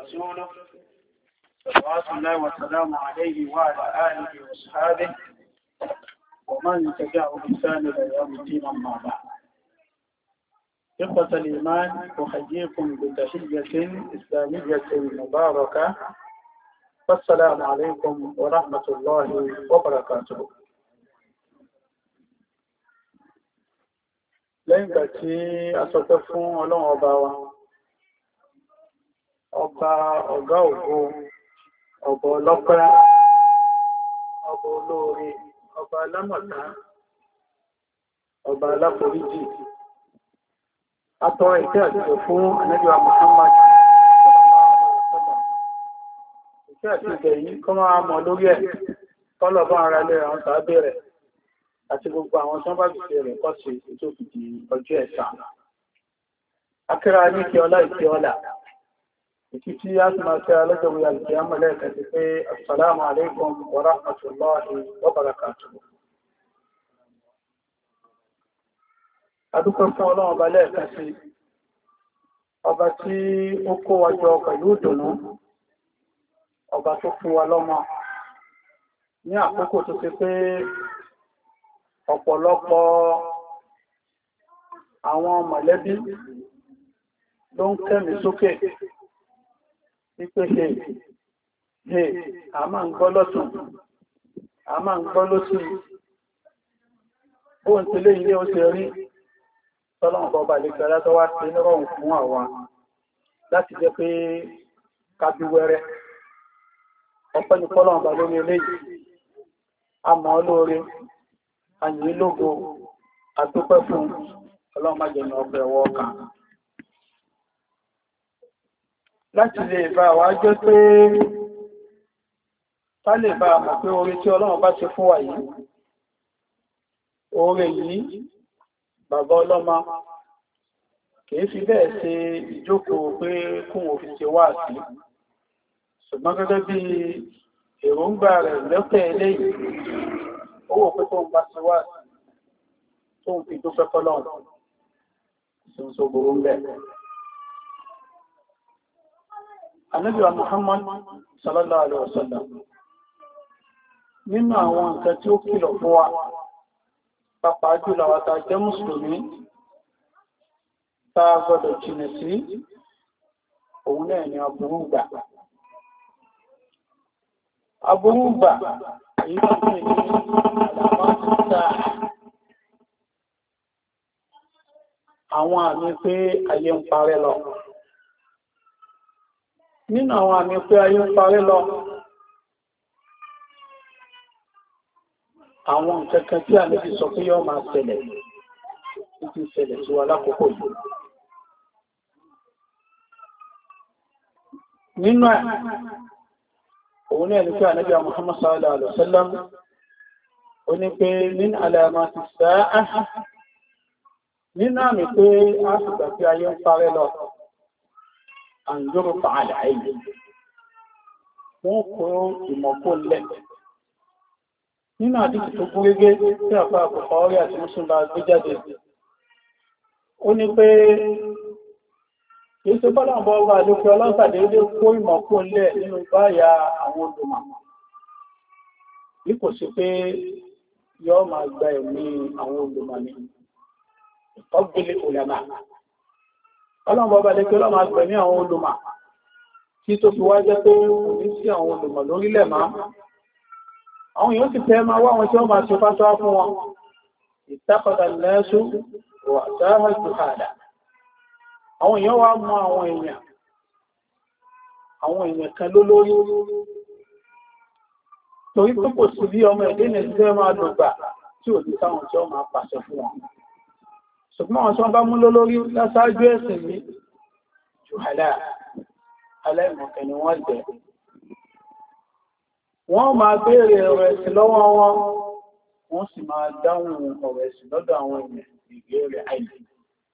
ورسوله صلوات الله وسلامه عليه وعلى آله وأصحابه ومن تبعه بإحسان إلى يوم الدين أما بعد إخوة الإيمان أحييكم بتحية إسلامية مباركة والسلام عليكم ورحمة الله وبركاته لين كتي أصدقكم ولو أباوة ọba ọ̀gá ògùn ọba ọlọ́pẹ́ ọba olóore ọba alámọ̀tá ọba aláforíjì atọ́rọ ìtẹ́ àtijọ́ fún anájọ́wà Muhammad ìtẹ́ àtijọ́ yìí kọ́ máa mọ̀ lórí ẹ̀ kọ́lọ̀bọ́ ara lẹ́rẹ̀ àwọn tàbí rẹ̀ àti gbogbo àwọn tó bá gbèsè rẹ̀ kọ́ sí ètò ìdí ọjọ́ ẹ̀sà akẹ́rà ní kí ọlá ìkí ọlá ìtítí a ti máa tẹ́ alẹ́gbẹ̀wé alìkìyàmọ̀ lẹ́ẹ̀kan ti pé assalamu alaikum wa rahmatullahi wa barakatuhu adúpẹ́ fún ọlọ́run ọba lẹ́ẹ̀kan sí ọba tí ó kó wa jọ pẹ̀lú ìdùnnú ọba tó fún wa lọ́mọ ní àkókò tó ti pé ọ̀pọ̀lọpọ̀ àwọn mọ̀lẹ́bí ló ń kẹ́mì sókè wípé ṣe ṣe a máa ń gbọ́ a tí lè ilé ó rí tọ́lọ́wọ̀n bọ́ba lè fẹ́ látọ́ wá sí fún àwa láti jẹ́ pé kábí wẹ́rẹ́ ọpẹ́ lórí eléyìí a mọ̀ lóore àdúpẹ́ fún ọlọ́mọdé ní láti lè bá wa jẹ́ pé ká lè bá mọ̀ pé oore tí ọlọ́run bá ti fún wa yìí oore yìí bàbá ọlọ́mọ kìí fi bẹ́ẹ̀ ṣe ìjókòó pé kún òfin ṣe wá sí ṣùgbọ́n gẹ́gẹ́ bí èròǹgbà rẹ̀ lọ́pẹ̀ eléyìí owó pé tó ń bá ṣe wá sí tó ń fi dúpẹ́ fọ́lọ́run ṣe Ànábìwa Muhammad sallallahu alaihi wasallam. Nínú àwọn nǹkan tí ó kìlọ̀ fún wa, pàpàá jùlọ àwátá jẹ́ Mùsùlùmí, ta gbọdọ̀ jìnà sí, òun náà ni aburú gbà. èyí Àwọn àmì pé ayé ń parẹ́ lọ nínú àwọn àmì pé ayé ń parí lọ àwọn nǹkankan tí a lè fi sọ pé yọ́ máa ṣẹlẹ̀ títí ṣẹlẹ̀ tí wà lákòókò yìí nínú ẹ̀ òun ní ẹ̀lú pé ànábì Muhammad sallallahu alaihi wasallam ó ní pé nínú alẹ́mà ti sáà nínú àmì pé a sì gbà pé ayé ń parí lọ àǹzọ́rọ̀ fàálà ẹ̀yìn wọ́n kó ìmọ̀kó lẹ̀ nínú àdíkì tó kún gẹ́gẹ́ tí àpá àpùpá orí àti mùsùlùmá gbé jáde ó ní pé kìí ṣe bọ́lá ọmọ ọba àdókè ọlọ́sàdé ilé kó ìmọ̀kó nínú báyà àwọn olùmọ̀ bí kò sí pé yọ́ máa gba ẹ̀mí àwọn olùmọ̀ ni ọgbẹ̀lẹ̀ ọlọ́run bọ́bá lé pé ọlọ́run máa pẹ̀mí àwọn olùmọ̀ kí tó fi wá jẹ́ pé kò ní sí àwọn olùmọ̀ lórílẹ̀ máa àwọn èèyàn sì fẹ́ máa wá wọn tí wọ́n máa ṣe fásitì fún wọn ìtàkọ̀tà lẹ́ṣù wà sáàrẹ̀tù àdá àwọn èèyàn wá mọ àwọn èèyàn àwọn èèyàn kan ló lórí torí pé kò sí bí ọmọ ẹ̀dẹ́nẹ̀ tí fẹ́ máa lògbà tí ò ní sáwọn tí wọ́n máa pàṣẹ fún wọn ṣùgbọ́n ọ̀ṣọ́ bá mú lólórí lásáájú ẹ̀sìn ní ṣùhálà aláìmọ̀kẹ́ ni wọ́n jẹ́ wọ́n máa béèrè ọ̀rọ̀ ẹ̀sìn lọ́wọ́ wọn wọ́n sì máa dáhùn ọ̀rọ̀ ẹ̀sìn lọ́dọ̀ àwọn ènìyàn ìbéèrè àìlè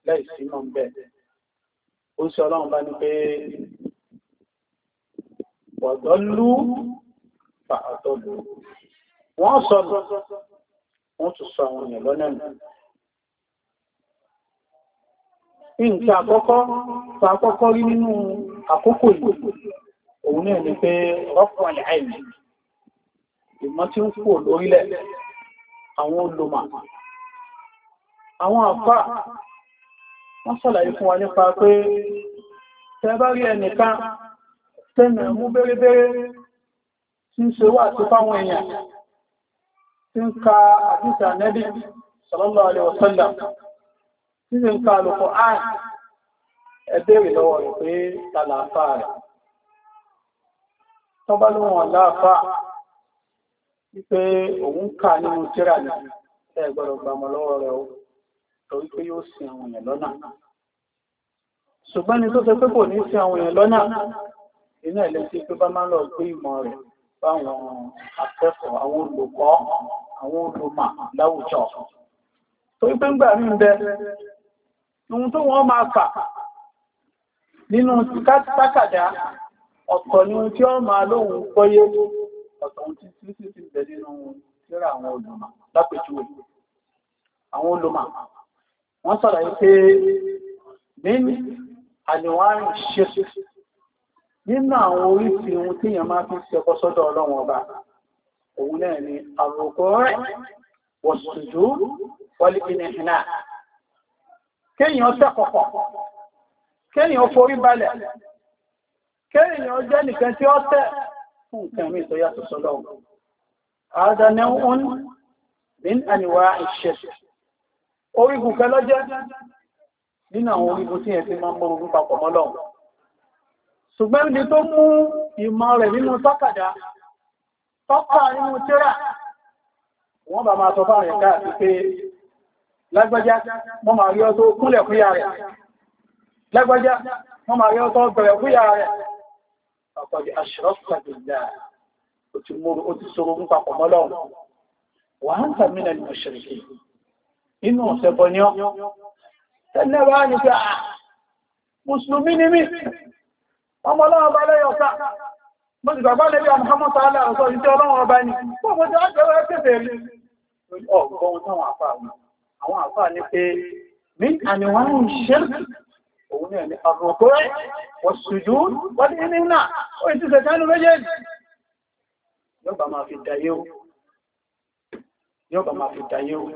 láìsí mọ̀ bẹ́ẹ̀ ó sọ ọlọ́run bá ní pé ọ̀dọ́lú pàtọ́lú wọ́n sọ wọ́n tún sọ àwọn èèyàn lọ́nà nǹkan àkọ́kọ́ tó àkọ́kọ́ rí nínú àkókò yìí òun náà ni pé rọ́pùn àìmì tí ń kò lórílẹ̀ àwọn olùmọ̀ àwọn àfà wọ́n sọ̀làyé fún wa nípa pé tẹ́ bá rí ẹnìkan tẹ́nà mú bẹ́rẹ́bẹ́rẹ́ tí ń ṣe wà sí fáwọn èèyàn tí ka àdísà nẹ́bí nínú ń ká lọ́pọ̀ áì ẹbẹ̀rẹ̀ lọ́wọ́ rẹ̀ pé tàlàáfà rẹ̀ tó bá lọ́wọ́ aláàfà wípé òun ká nínú tíra ní ẹgbọ́rọ̀ gbàmọ̀ lọ́wọ́ rẹ̀ o yóò sin àwọn èèyàn lọ́nà ṣùgbọ́n ni tó ṣe pé kò ní sin àwọn èèyàn lọ́nà ohun tó wọ́n máa kà nínú tákàdá ọ̀tọ̀ ni ohun tí ó máa lóhun pọ́yé ọ̀tọ̀ ohun tí tí tí ti bẹ̀ nínú tíra àwọn olùmọ̀ lápẹjúwe àwọn olùmọ̀ wọ́n sọ̀rọ̀ pé nínú àníwárin ṣe nínú àwọn oríṣi ohun tí èèyàn máa fi ṣẹkọ sọ́dọ̀ ọlọ́run ọba òun náà ni àròkọ rẹ̀ wọ̀sùn jù wọlé ìnìhìnà kéèyàn tẹ́kọ̀kọ̀ kéèyàn forí balẹ̀ kéèyàn jẹ́ nìkan tí ó tẹ́ fún nǹkan mi tó yàtọ̀ sọ́lọ́ àádọ́nẹ́hún ní àníwá ìṣẹ́ orígun kẹlọ́jẹ́ nínú àwọn orígun tí ẹ̀ ti máa mọ́ orúkọ papọ̀ mọ́lọ́run ṣùgbọ́n ibi tó mú ìmọ̀ rẹ̀ nínú tọ́kàdá tọ́kà nínú tíra wọ́n bá máa sọ fáwọn ẹ̀ká àti pé lágbájá wọ́n máa rí ọtọ́ kúnlẹ̀ fún yà rẹ̀ lágbájá wọ́n máa rí ọtọ́ bẹ̀rẹ̀ fún yà rẹ̀ ọ̀pọ̀dé aṣọ́fàdìlá ó ti mú ó ti sọ̀rọ̀ ń papọ̀ mọ́lọ́run wà ń tàmínà ní ọ̀ṣẹ̀rẹ̀kì inú ọ̀sẹ̀ bọ́ ní ọ́ tẹ́lẹ̀ wá ní pé ah, mùsùlùmí ni mí ọmọ ọlọ́run bá lẹ́yọ̀ ká mo sì gbàgbọ́ àwọn àfáà ní pé ní àníwọ̀n ṣẹ́rì òun náà ní àrùkọ́ ọ̀ṣùjú wọ́n ní nínà ó ti sẹ̀tánú méjèèjì yóò bá máa fi dàyé o yóò bá máa fi dàyé o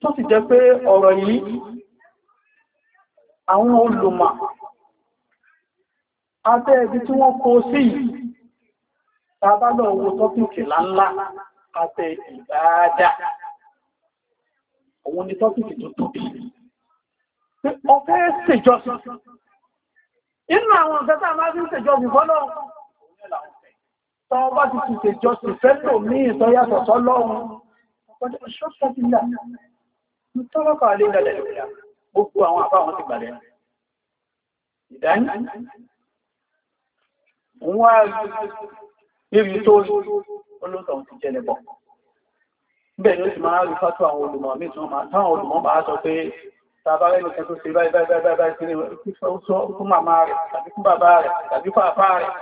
tó ti jẹ́ pé ọ̀rọ̀ yìí àwọn olùmọ̀ òun ni tọ́pìkì tó tóbi pé ọ̀fẹ́ ṣèjọsìn inú àwọn ọ̀fẹ́ tá a máa fi ń ṣèjọsìn fọ́lọ́ tọ́wọ́ bá ti ti ṣèjọsìn fẹ́lò ní ìtọ́yàtọ̀ sọ́lọ́run Gbogbo àwọn àbáwọn ti gbàlẹ̀. Ìdáyìn, òun wá ibi tó olóòtọ̀ ti jẹ́ lẹ́bọ̀ bẹ́ẹ̀ ni ó sì máa rí fátó àwọn olùmọ̀ ní ìtàn máa táwọn olùmọ̀ máa sọ pé tàbárẹ́ nìkan tó ṣe báyìí báyìí báyìí báyìí sínú fún màmá rẹ̀ tàbí fún bàbá rẹ̀ tàbí fún àfá rẹ̀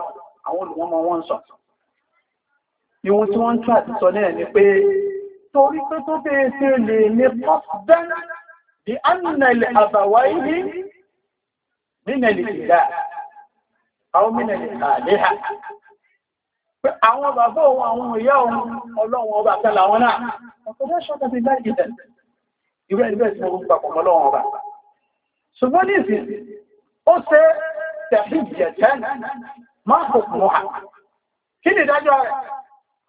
máa àwọn olùwọ́mọ wọn sọ ìwọ̀n tí wọ́n ń tún àti sọ náà ni pé torí pé tó bẹ́ẹ̀ tí ó lè ní pọ́pẹ́n di annalẹ̀ àbàwá ilé nínẹ̀lẹ̀ ìdá àwọn mínẹ̀lẹ̀ àléhà pé àwọn bàbá òun àwọn ìyá òun ọlọ́run ọba kẹlà wọn náà ọkọ̀dá ṣọ́kọ̀ ti láì ìdẹ̀ ìwé ẹgbẹ́ tí wọ́n gbà pọ̀mọ́ lọ́wọ́ ọba ṣùgbọ́n ní ìsìn ó ṣe tẹ̀fíjẹ̀ tẹ́lẹ̀ máa bò fún wa kí ni ìdájọ́ rẹ̀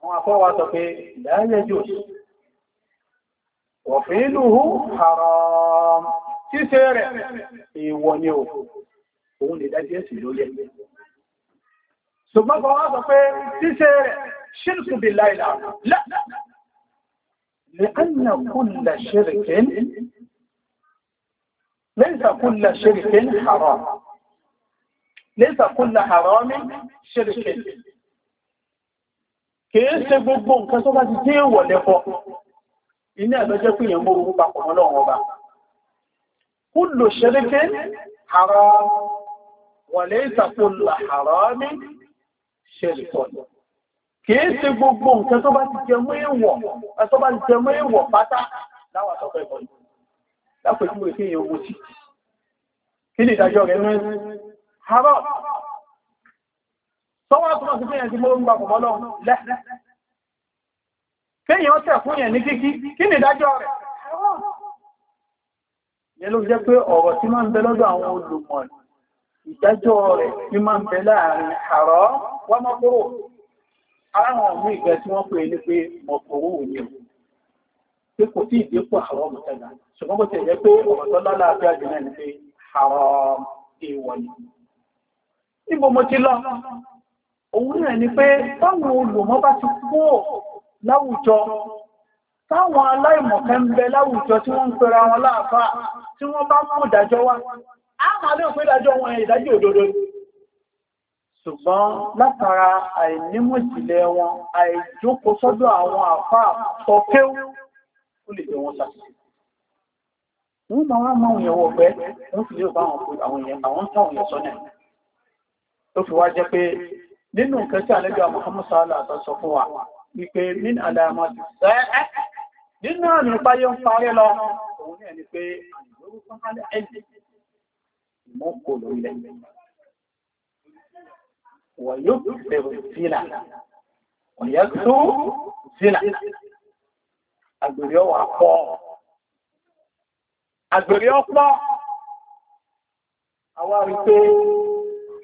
wọn àfọwà sọ pé láyé jù òfin ìlú haram ṣíṣe rẹ̀ ìwọ ni ò òun lè dájú ẹ̀sìn ló yẹ ṣùgbọ́n bọ́ wá sọ pé ṣíṣe rẹ̀ ṣírkù bí láìlá لأن كل شرك ليس كل شرك حرام lẹ́sà kó la àrọ́mí ṣẹ́rẹ̀kẹ́ kìí ṣe gbogbo nǹkan tó bá ti dé ìwọ̀ lẹ́fọ́ iná ẹ̀lọ́jẹ́ pé èèyàn mórú papọ̀ mọ́ lọ́wọ́ ọba kú lò ṣẹ́rẹ́kẹ́ àrọ́ wọ̀ lẹ́sà kó la àrọ́mí ṣẹ́rẹ̀kọ́ kí ni ìdájọ́ rẹ̀ mẹ́rin haram sọ́wọ́ tó máa ti fún yẹn tí mo ń gbapọ̀ mọ́lọ́ lẹ́ kéèyàn tẹ̀ fún yẹn ní kíkí kí ni ìdájọ́ rẹ̀ yẹn ló jẹ́ pé ọ̀rọ̀ tí máa ń bẹ lọ́dọ̀ àwọn olùmọ̀ ìdájọ́ rẹ̀ tí máa ń bẹ láàrin àrọ́ wọ́n mọ́kúrò àwọn ọmọ ìgbẹ́ tí ni níbo mo ti lọ òun náà ni pé táwọn olùmọ́ bá ti kú ò láwùjọ táwọn aláìmọ̀kẹ́ ń bẹ láwùjọ tí wọ́n ń pera wọn láàfá tí wọ́n bá mú ìdájọ́ wá á lè pé ìdájọ́ wọn ìdájọ́ òdodo ṣùgbọ́n látara àìnímọ̀jìlẹ̀ wọn àìjókòó sọ́dọ̀ àwọn àfá ọkéwú ó lè jẹ wọ́n máa tó fi wá jẹ́ pé nínú nǹkan tí àlẹ́bí Muhammad sallallahu alaihi wasallam sọ fún wa wípé min àdàmọ́ ti sẹ́ nínú àmì ìpáyé ń parẹ́ lọ òun ní ẹni pé mọ́ kò lórílẹ̀ wọ̀n tó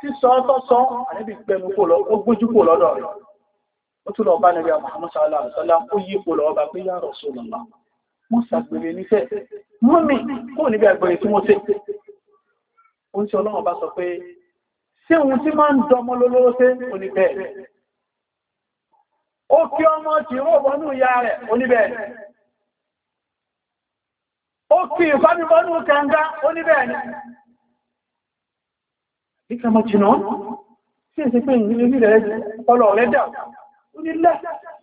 sísọ tọ́sọ àníbi pẹ̀mú kò lọ ó gbójú kò lọ́dọ̀ rẹ̀ ó tún lọ bá nàbí Muhammad sallallahu alaihi wasallam ó yí kò lọ́ọ́ bá pé ya Rasulullah wọ́n ṣàgbèrè nífẹ̀ wọ́n mi kó níbi àgbèrè tí wọ́n ṣe ó ń ṣe ọlọ́run bá sọ pé ṣé òun tí máa ń dọmọ lólóró ṣe oníbẹ̀ ó kí ọmọ tí ó wọnú ìyá rẹ̀ oníbẹ̀ ó kí ìfábíbọnú kànga oníbẹ̀ ni Bíkà máa jìnà sí èsì pé ìrìnlẹ̀ rẹ̀ ọlọ̀ rẹ̀ dà. Ó ní lẹ́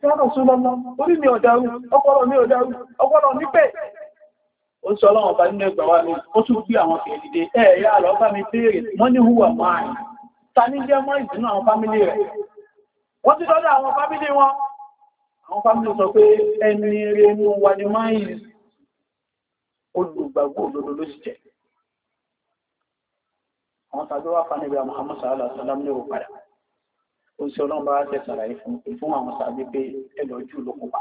ṣọ́rọ̀ sí lọ́lọ́, orí mi ọ̀dàrú, ọpọlọ mi ọ̀dàrú, ọpọlọ mi pẹ̀. Ó sọ ọlọ́run ọba nínú ẹgbà wa ni, ó tún gbé àwọn kèrè dé, ẹ̀ yá lọ bá mi béèrè, wọ́n ní hùwà máa rìn. Ta ní jẹ́ mọ́ ìdínú àwọn fámílì rẹ̀? Wọ́n ti dọ́dọ̀ àwọn fámílì àwọn tàbí wá fa níbi Muhammad sallallahu alaihi wasallam ní òpadà ó sì ọlọ́run bá ṣe sàlàyé fún àwọn sàbí pé ẹlọ jù ló kópa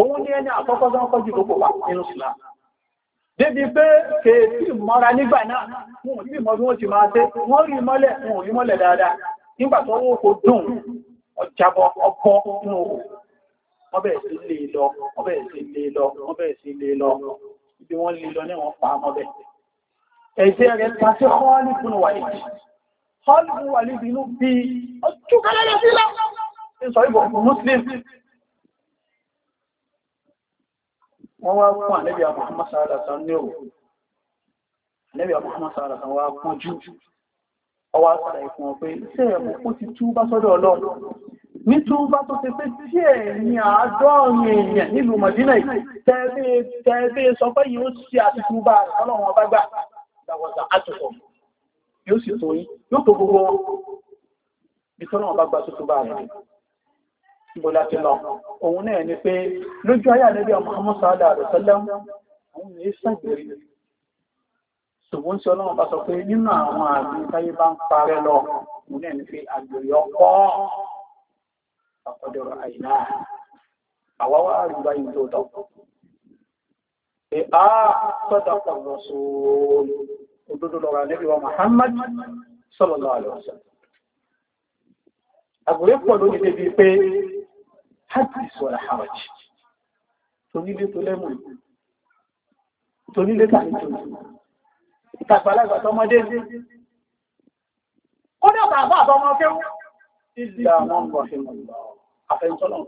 òun ní ẹni àkọ́kọ́ tó ń kọjú ló kópa nínú Islam débi pé kèèkì mọ́ra nígbà náà wọn ò sí mọ́ bí wọ́n ti máa ṣe wọ́n rí mọ́lẹ̀ wọn ò rí mọ́lẹ̀ dáadáa nígbà tó wọ́n kò dùn ọjàbọ̀ ọkọ̀ inú wọ́n bẹ̀rẹ̀ sí lè e lọ wọ́n bẹ̀rẹ̀ sí lè e lọ wọ́n bẹ̀rẹ̀ sí lè e lọ ibi wọ́n lè lọ ní wọ́n pa mọ́bẹ̀ ẹ̀jẹ́ rẹ̀ ta sí Khalifun Walid Khalifun Walid inú bí ọjọ́ kẹlẹ́rẹ́ sílá ìsọ ìbò Muslim wọ́n wá fún ànẹ́bí Muhammad sallallahu alaihi wasallam Muhammad sallallahu alaihi wasallam wá pọ́n jù ọwá sára ìfún ọ pé iṣẹ́ ẹ̀mù ó ti túbá sọ́dọ̀ Ọlọ́run ní túbá tó ti pé tí ẹ̀yìn àádọ́rin èèyàn nílùú Madina ìgbàwọ̀dà àtùkọ̀ yóò sì tó yí yóò tó gbogbo ìtọ́nà ọba gba tuntun bá rẹ̀ níbo láti lọ òun náà ni pé lójú ayé àlẹ́bí ọmọ ọmọ sáádà rẹ̀ tẹ́lẹ̀ àwọn èyí sàgbèrè ṣùgbọ́n tí ọlọ́run bá sọ pé nínú àwọn àmì táyé bá ń parẹ́ lọ òun náà ni pé àgbèrè ọkọ́ ọ̀pọ̀dọ̀rọ̀ àìná àwa wá rí báyìí pé a sọ́dọ̀ pọ̀lọ̀ sóòrò òdodo lọ́rọ̀ níbi wa Muhammad sallallahu alaihi wasallam àgbòrí pọ̀ lórí débi pé hajji sọ́rọ̀ haraji tonílé tó lẹ́mù tonílé tàbí ìtàgbàlagbà tọmọdé kódà bàbá àbọmọ kéwú ìdí àwọn ọmọ ìmọ̀ àfẹ́ntọ́lọ́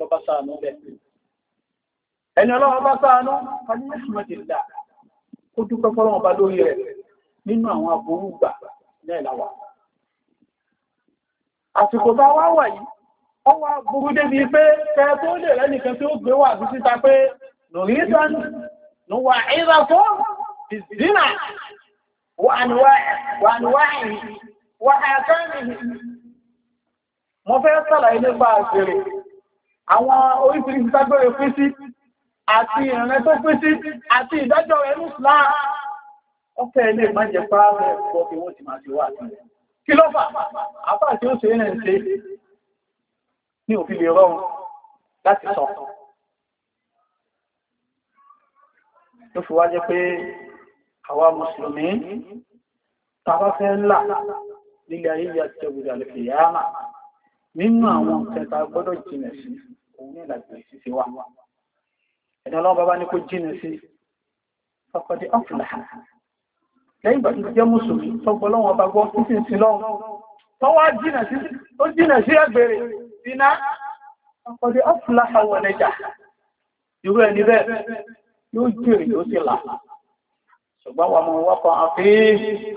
ẹni ọlọ́wọ́ bá sáánú fàníyàṣùmọ̀dìlá ó dúpẹ́ fọ́lọ́wọ́ bá lórí rẹ̀ nínú àwọn aburú gbà náà láwà àsìkò bá wá wà yìí ó wá burú débi pé kẹ tó lè rẹ́nìkan tí ó gbé wà bí síta pé nùrísàn nùwà ìrà fún ìdínà wà níwáyìí mo fẹ́ sàlàyé nípa àṣírí àwọn oríṣiríṣi tágbére fún sí àti ìrìnlẹ̀ tó pín sí àti ìdájọ́ rẹ̀ ní Islam ọ̀fẹ́ ilé ìmájẹ̀ pàápàá ẹ̀kọ́ bí wọ́n ti máa ṣe wà ní kí ló fà àpá tí ó ṣe é rẹ̀ ń ṣe ní òfin lè rọrùn láti sọ ló fi wá jẹ́ pé àwa mùsùlùmí tàbá fẹ́ ńlá nílé ayé yà ti jẹ́gbùdà lè fi yáàmà nínú àwọn nǹkan gbọ́dọ̀ jìnà sí òun ní ìlàgbẹ̀ sí wa ẹ̀dá ọlọ́run bàbá ní kó jìnà sí ọkọ̀dé ọ̀fìlà lẹ́yìn ìgbà tó jẹ́ mùsùlùmí tọ́gbọ́ lọ́wọ́ ọba gbọ́ títí sí lọ́wọ́ tọ́wọ́ jìnà sí ẹgbẹ̀rẹ̀ dínà ọkọ̀dé ọ̀fìlà àwọn ẹ̀jà irú ẹni bẹ́ẹ̀ yóò jèrè yóò sì là ṣùgbọ́n wà mọ̀ wọ́kọ̀ àfihàn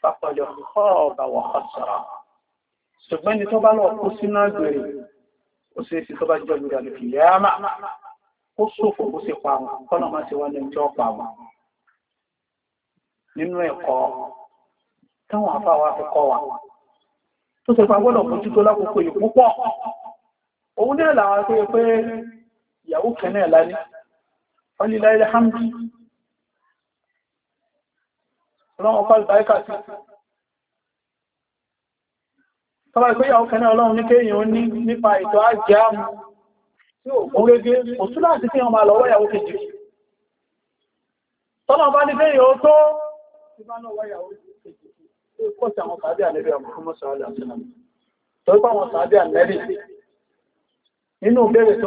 fàkọ̀dé ọ̀bà wọ̀ ọ̀sọ̀rọ̀ ṣùgbọ́n ni tó bá lọ kó sínú àgbèrè ó sì ó ṣòfò ó sì pa wọn kọ́nà máa ṣe wá ní ọjọ́ pa wọn nínú ẹ̀kọ́ táwọn afáwa fi kọ́ wa tó ṣe pa gbọ́dọ̀ fojú lákòókò yìí púpọ̀ òun náà làwọn pé pé ìyàwó kẹ́nẹ̀ lání ọlílá ilẹ̀ hamdi ọlọ́run ọpá ìbáríkà sí tọ́bá ìpéyàwó kẹ́nẹ̀ ọlọ́run ní kéèyàn ní nípa ètò àjẹ́ àmú òrege òtú láti fi ọmọ àlọ́wọ́ ìyàwó kejì tọ́nà bá ní pé yóò tó kọ́sí àwọn tàbí ànẹ́bí àmúhúnmọ́ tó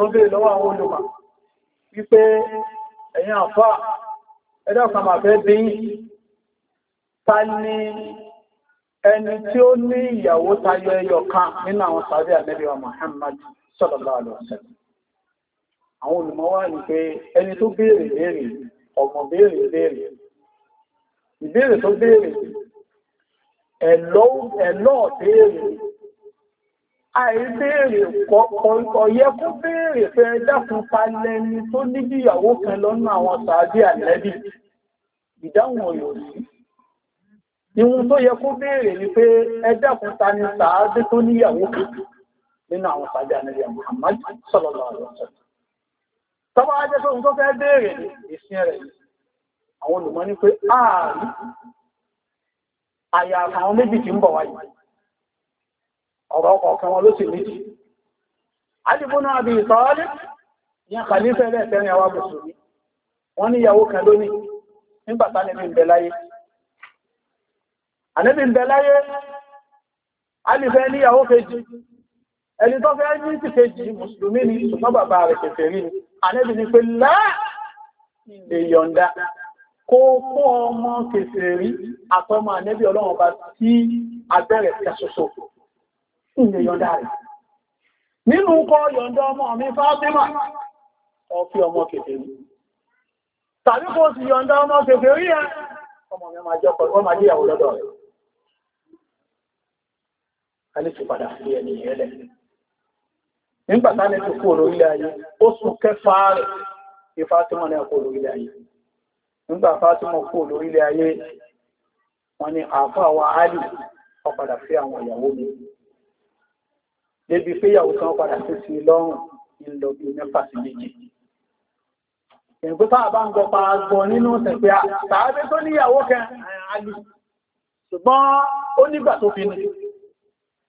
ń béèrè àwọn olùmọ̀ wípé ẹ̀yin àfá ẹni tí ó ní ìyàwó tayọ ẹyọ kan nínú àwọn tàbí ànẹ́bí wa Muhammad àwọn olùmọ́wà ní pé ẹni tó béèrè béèrè ọmọ béèrè béèrè ìbéèrè tó béèrè ẹ̀lọ́ béèrè àìbéèrè ọ̀yẹ́ kó béèrè fẹ́ dákun palẹ́ni tó níbi ìyàwó kan lọ́nà àwọn sàábí àlẹ́bì ìdáhùn ọ̀yọ̀ sí ìwọ̀n tó yẹ kó béèrè ni pé ẹ dákun ta ni sàábí tó níyàwó kan nínú àwọn sàábí àlẹ́bì Muhammad sallallahu alaihi wasallam tọba ajẹ́ tó ń tó fẹ́ béèrè ìsìn rẹ̀ àwọn olùmọ́ ní pé ààrí àyà àwọn méjì tí ń bọ̀ wáyé ọ̀rọ̀ ọ̀kan wọn ló sì méjì alìbúnà àbí ní àkàlífẹ́ lẹ́ẹ̀tẹ́rin àwọn wọ́n ní ìyàwó kan lónìí ẹni tó fẹ́ ní ti kejì mùsùlùmí ni ṣùgbọ́n bàbá rẹ̀ kẹfẹ́ rí ni ànẹ́bì ni pé láà èyọ̀ǹda kó fún ọmọ kẹfẹ́ rí àtọmọ ànẹ́bì ọlọ́run bá tí abẹ́rẹ̀ kẹsọsọ ìyọ̀ǹda rẹ̀ nínú kọ yọ̀ǹda ọmọ mi Fátímà ọ̀fí ọmọ kẹfẹ́ rí tàbí kó sì yọ̀ǹda ọmọ kẹfẹ́ rí ẹ ọmọ mi máa jẹ́ ọkọ̀ máa jẹ́ ìyàwó lọ́dọ̀ rẹ̀ nígbàtá ní tó kú olórílẹ̀ ayé oṣù kẹfà rẹ̀ kí fátímọ̀ náà kú olórílẹ̀ ayé nígbà fátímọ̀ kú olórílẹ̀ ayé wọn ni àfà wa alì ọ̀padà fẹ́ àwọn ìyàwó mi débi pé ìyàwó tán padà sí sí lọ́rùn ìlọ bí mẹ́fà sí méjì ìgbótá àbá ń gbọ́ pa gbọ́ nínú ìsẹ̀pẹ́ tàbí tó níyàwó kẹ ṣùgbọ́n ó nígbà tó fi ní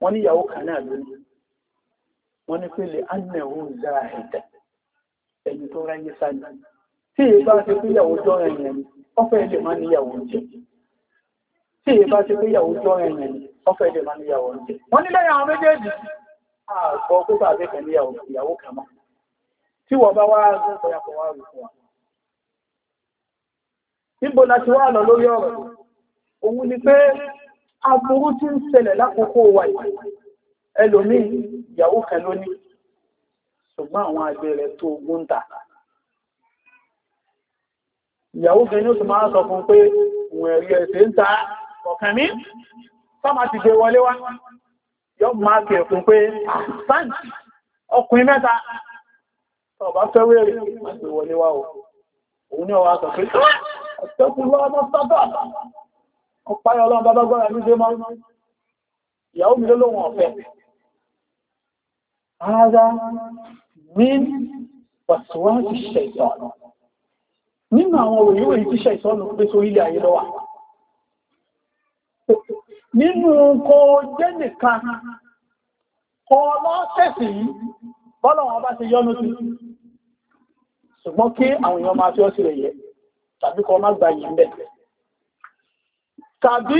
wọ́n ní ìyàwó kan náà lónìí wọ́n ní pélé annahu zahida ẹni tó ráyé sáni tí èyí bá ṣe pé ìyàwó jọ ẹ̀yẹ̀ ni ọfẹ́ ilẹ̀ máa níyàwó jẹ tí èyí bá ṣe pé ìyàwó jọ ẹ̀yẹ̀ ni ọfẹ́ ilẹ̀ máa níyàwó jẹ wọ́n ní lẹ́yìn àwọn méjèèjì àgbọ̀ kó bàbá kan níyàwó ìyàwó kan mọ́ tí wọ́n bá wá rúkọyàpọ̀ wá rúkọ níbo la ti wá lọ lórí ọ̀rọ̀ òun ni pé aburú tí ń ṣẹlẹ̀ lákòókò wà yìí ẹlòmíì ìyàwó kan ló ní ṣùgbọ́n àwọn àgbẹ̀ rẹ̀ tó ogún ta ìyàwó kan ní oṣù máa sọ fún pé òun ẹ̀rí ẹ̀sẹ̀ ń ta ọ̀kan mi sọ́mà ti gbé wọlé wá yọ́ máa kẹ̀ fún pé sáǹtì ọkùnrin mẹ́ta ọba fẹ́wẹ́ rẹ̀ máa gbé wọlé wá o òun ní ọwọ́ sọ pé ọ̀tẹ́kùn lọ́wọ́ ọpáyọ ọlọ́run bá gbọ́ra ní ṣémọ́ ìyàwó mi lólóhun ọ̀fẹ́ ara ní pàtíwájú ṣe ìtọ̀nà nínú àwọn òyíwò yìí tí ṣe ìtọ̀nà pé tó ilé ayé lọ́wà nínú kó jẹ́ nìkan kọ lọ́sẹ̀sì yìí bọ́lọ̀wọ́n bá ti yọ́nú sí ṣùgbọ́n kí àwọn èèyàn máa fi ọ́ sílẹ̀ yẹ tàbí kọ má gba yìí bẹ̀rẹ̀ tàbí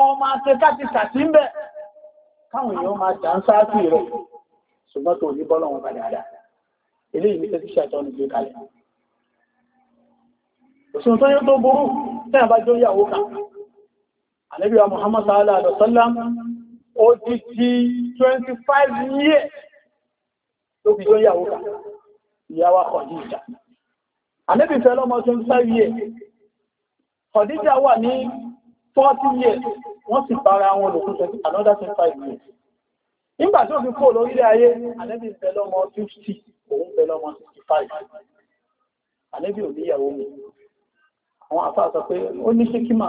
ọmọ akẹ́kàtí kàtí ń bẹ̀ káwọn èèyàn máa jà ń sáàtì rẹ̀ ṣùgbọ́n tó ní bọ́lọ̀ wọn padà ilé ìlú tẹ́sí ṣàtọ́ ní gbé kalẹ̀ òṣùn tó yẹ́ tó burú tẹ́ àbá Muhammad sallallahu alaihi wasallam ó ti 25 years tó fi jọ ìyàwó kan ìyàwó akọ̀dí ìjà ànábí fẹ́ lọ́mọ 25 years Khadija wà ní forty years wọ́n sì bára wọn lò fún twenty another twenty five years nígbà tí ó fi kó lórílẹ̀ ayé ànẹ́bí bẹ lọ́mọ fifty òun bẹ lọ́mọ sixty five ànẹ́bí ò níyàwó mi àwọn àfáà sọ pé ó ní ṣíkímà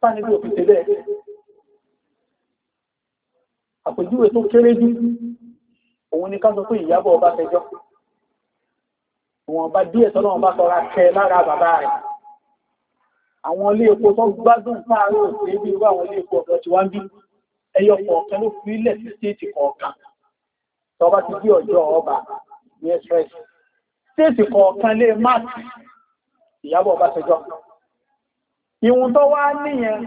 fánibí òfin tẹ́lẹ̀ àpèjúwe tó kéré jù òun ni ká sọ pé ìyábọ̀ ọba tẹjọ́ wọn bá díẹ̀ tọ́lọ́wọ́n bá sọra kẹ lára bàbá rẹ̀ àwọn ilé epo tó gbádùn fáàrí òsè bí irú àwọn ilé epo ọ̀dọ̀ ti wá ń bí ẹyọ kọ̀ọ̀kan ló fi ilẹ̀ sí stéètì kọ̀ọ̀kan tọba ti bí ọjọ́ ọba ní express stéètì kọ̀ọ̀kan lè máàkì ìyábọ̀ ọbaṣẹjọ́ ìwọ̀n tó wá níyẹn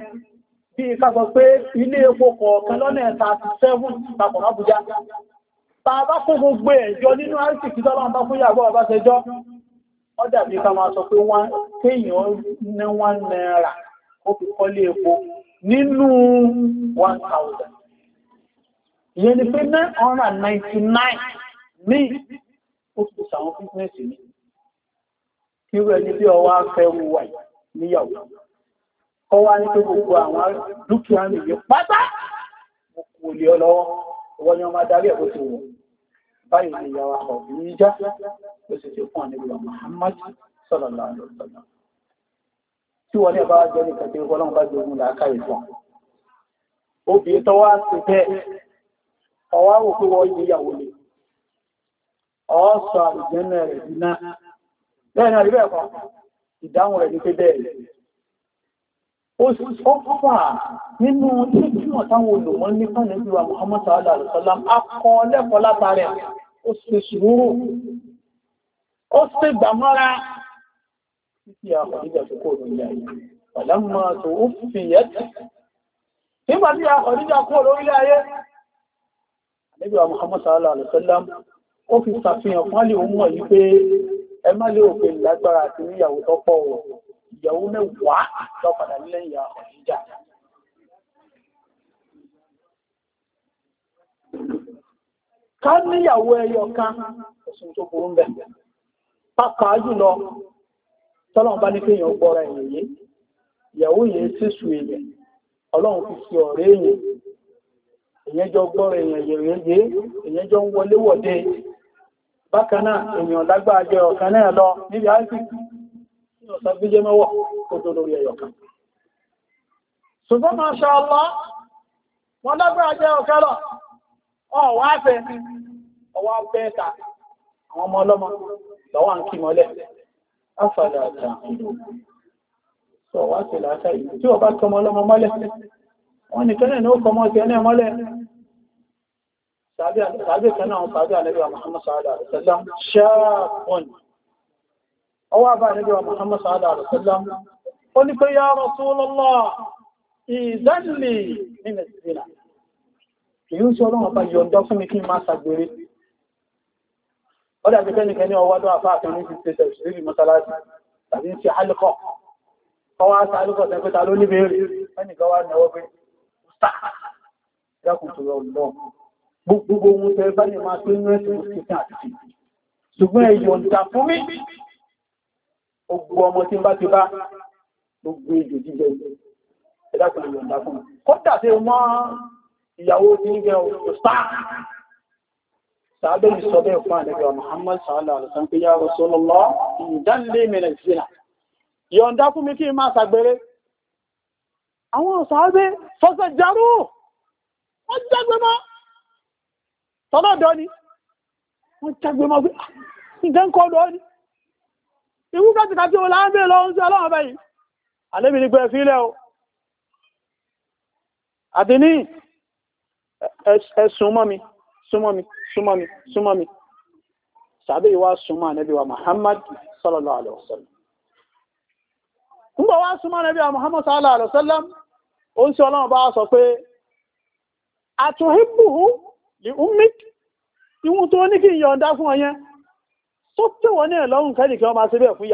bí i ká sọ pé ilé epo kọ̀ọ̀kan lọ́nà ẹ̀ta àti seven papọ̀ Àbújá ta bá kó gbogbo ẹ̀jọ́ nínú àrísìkí tọ́lọ́mbá fún ìyàbọ̀ ọbaṣẹjọ́ ó dàbí ká máa sọ pé wọ́n kéèyàn ní wọ́n náírà ó fi kọ́lé epo nínú 1000 ìyẹn ni pé 999 ní ó fi sàwọn fífínẹ́sì ní irú ẹni bí ọwá fẹ́ wùwà níyàwó kọ́ wá ní pé gbogbo àwọn dúkìá nìyí pátá mo kò lè ọ ni wọ́n máa darí ẹ̀ bó ti wù báyìí ni ìyàwó àkọ́bí já fún àníbíwá Muhammad sallallahu alaihi wasallam tí wọ́n ní ọba jẹ́ ní kẹtẹ́ ọlọ́run bá jogún làákàyè fún obìnrin tó wá sí bẹ́ẹ̀ ọwá wò pé wọ́n yí ìyàwó lè ọ̀ọ́sọ̀ àrùjẹ́nà rẹ̀ iná bẹ́ẹ̀ náà rí bẹ́ẹ̀ kan ìdáhùn rẹ̀ ní pé bẹ́ẹ̀ ó fà nínú tíkímọ̀ táwọn olùmọ̀ nípa nàìjíríà Muhammad ó sì gbàmọ́ra títí àwọn ìgbà tó kò ní ayé ọ̀lọ́mọ tó ó fi yẹ́ tì nígbà tí Muhammad sallallahu alaihi wasallam ó fi ṣàfihàn fún alẹ́ òun mọ̀ yí pé ẹ má lè òfin lágbára àti níyàwó tó pọ̀ wọ̀ ìyàwó mẹ́wàá lọ́padà nílẹ̀ ìyá ọ̀díjà ká níyàwó ẹyọ kan òsùn tó burú bẹ̀rẹ̀ pàápàá jùlọ tọ́lọ́run bá ní pé èèyàn gbọ́ra èèyàn yìí ìyàwó yìí sísù èèyàn ọlọ́run fi fi ọ̀rẹ́ èèyàn èèyàn jọ gbọ́ra èèyàn yìí èèyàn jọ ń wọlé bákan náà èèyàn lágbára jẹ ọ̀kan náà lọ níbi ọ̀sán tó lórí ṣùgbọ́n máa ṣe ọlọ́ wọn lágbára jẹ́ ọ̀kẹ́ lọ ọ̀wọ́ àfẹ́ ọwọ́ àfẹ́ ta àwọn ọmọ ọlọ́mọ lọ́wọ́ ń kí mọ́lẹ̀ afàdà àtàkùn sọ wá sí làákà yìí tí ọba kọmọ ọlọ́mọ mọ́lẹ̀ wọ́n ní kẹ́lẹ̀ ní ó kọmọ ọ̀sẹ̀ ẹ̀nẹ́ mọ́lẹ̀ tàbí kan náà tàbí ànẹ́bíwà Muhammad sallallahu alaihi wasallam ṣáàpùn ọwọ́ bá ànẹ́bíwà Muhammad sallallahu alaihi wasallam yọ̀ndọ́ fún mi kí n máa ṣàgbèrè ó dàbí tẹ́nìkẹ́ ní ọwọ́dọ́ àfáàkan ní ti tẹ́ ìṣẹ́lì mọ́sálásì tàbí ń ṣe hálùkọ́ ọwọ́ àti hálùkọ́ tẹ́kọ́ta ló níbèèrè ẹnìkan wá náwó pé dákùntùrọ̀ lọ gbogbo ohun tẹ́ bá lè máa tó ní ẹ̀sìn òṣìṣẹ́ àti ṣùgbọ́n ẹ̀yọ̀ ìta fún mi gbogbo ọmọ tí ń bá ti bá gbogbo èdè jíjẹ ẹ̀dàkùnrin ìyọ̀ǹda fún mi tí ó mọ́ ìyàwó tí ń gẹ òṣìṣẹ́ sàábẹ̀ yìí sọ bẹ́ẹ̀ fún àdẹ́gbẹ̀ Muhammad sallallahu alaihi wasallam pé ya Rasulullah ìdánilé mẹ́rẹ̀ ìsìnà yọ̀ǹda fún mi kí n máa ṣàgbèrè àwọn sàábẹ̀ fọ́sẹ̀ jarú wọ́n jágbe mọ́ tọ́lọ́dọ́ ni wọ́n jágbe mọ́ pé nǹkan ah, kọ́ lọ́ ni ìwú kàtìkà tí ó láàbẹ̀ lọ sí ọlọ́run báyìí alẹ́bì ní gbẹ̀ o àti ẹ̀sùn mọ́ mi súnmọ́ mi súnmọ́ mi sàbẹ̀ ìwá súnmọ́ ànábì wa Muhammad sallallahu alaihi wasallam nígbà wá súnmọ́ ànábì wa Muhammad sallallahu alaihi wasallam ó ń sí ọlọ́run bá sọ pé àtúnhìbùhù lè ummik ìwọ̀n tó ní kí yọ̀ǹda fún ọyẹn tó tẹ́ wọ́n ní ẹ̀lọ́run kẹ́ nìkan máa ṣe bẹ́ẹ̀ fún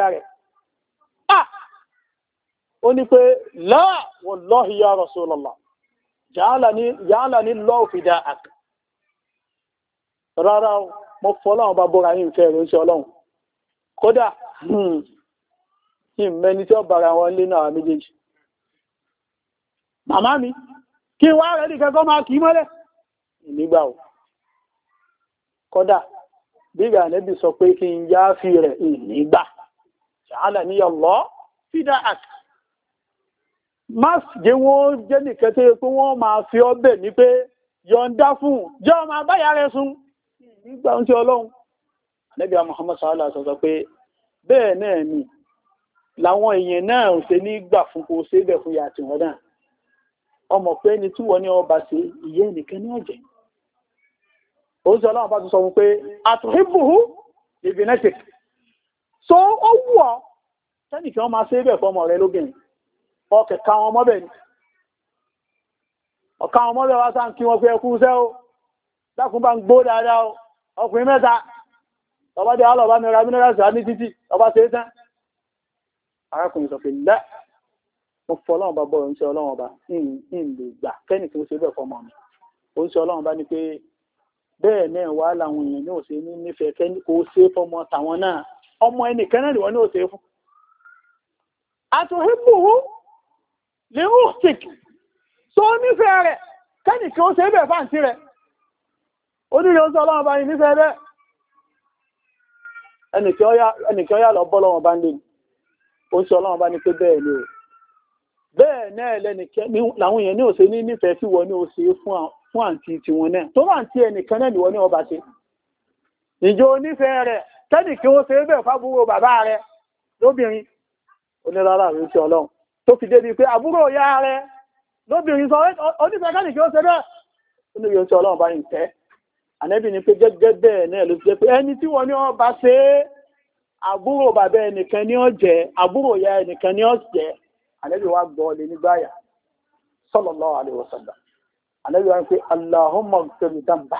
rárá o mo fọ́lọ́run bá bóra yìí ń fẹ́ ìròyìn sí ọlọ́run kódà hmm, tí ó bára wọn lé náà méjèèjì màmá mi kí wá rẹ̀ nìkan kọ́ máa kìí mọ́lẹ̀ nígbà o kódà sọ pé kí n yá fi rẹ̀ nígbà ṣàhálà ní ọlọ́ fídà àk wọn nìkan tó yẹ pé máa fi ní pé nígbà oúnjẹ ọlọ́run Ànábì Muhammad sallallahu alaihi wasallam sọ pé bẹ́ẹ̀ náà ni làwọn èèyàn náà ò ṣe ní gbà fún kó ṣe bẹ̀ fún yàtì wọn náà ọmọ pé ẹni tí wọ́n ní ọba ṣe ìyẹ́ nìkan ní ọ̀jẹ̀ òun ọlọ́run bá tún sọ fún pé àtúhìbùhù ìbìnẹ́tìk so ó wù ọ tẹ́nìkì wọn máa ṣe bẹ̀ fọmọ rẹ lóbìnrin ọkẹ̀ ká wọn mọ́bẹ̀ ni ọ̀ká wọn mọ́bẹ̀ wá sáà kí wọn fi ẹkú sẹ́ o dákun bá ń gbó dáadáa o ọkùnrin mẹ́ta ọba dé ọlọ́ba mẹ́ra míníràsì á ní títí ọba ṣe é tán arákùnrin sọ pé lẹ́ mo fọ ọlọ́run bá bọ́ọ̀rọ̀ ń ṣe ọlọ́run ọba ń lè gbà kẹ́nì tí ó ṣe bẹ́ẹ̀ fọmọ mi ó ń ṣe ọlọ́run bá ní pé bẹ́ẹ̀ náà wà láwọn èèyàn ní òṣèré ní nífẹ̀ẹ́ kẹ́ni kò ṣe é fọmọ tàwọn náà ọmọ ẹnìkan náà wọ́n ní òṣèré fún àtúnhìbùhù lè hùsìk tó nífẹ̀ẹ́ rẹ̀ kẹ́nì kí ó ṣe é bẹ́ẹ̀ fáǹtí rẹ̀ onílé oúnjẹ ọlọ́run bá yìí nífẹ̀ẹ́ bẹ́ẹ̀ ẹnìkẹ́ ọyá lọ bọ́ lọ́wọ́ bá ń lè oúnjẹ ọlọ́run bá ní ni o bẹ́ẹ̀ náà lẹ́nìkẹ́ làwọn èèyàn ní òṣè ní nífẹ̀ẹ́ sí wọn ní òṣè fún àǹtí tiwọn náà tó bá ń tí ẹnìkan náà nìwọ ní ọba ṣe ìjọ onífẹ̀ẹ́ rẹ̀ tẹ́nìkí ó ṣe bẹ́ẹ̀ fábúrò bàbá rẹ̀ lóbìnrin onírárá rẹ̀ ti ọlọ́run tẹ́ ànẹ́bì ni pé gẹ́gẹ́ bẹ́ẹ̀ náà ló fi jẹ́ pé ẹni tí wọ́n ní wọ́n bá ṣe é àbúrò bàbá ẹnìkan ní ó jẹ́ àbúrò ìyá ẹnìkan ní ó jẹ́ ànẹ́bì wa gbọ́ lé nígbàyà sallallahu alaihi wasallam ànẹ́bì wa ń pé Allahumma gbẹ̀mí dàmbà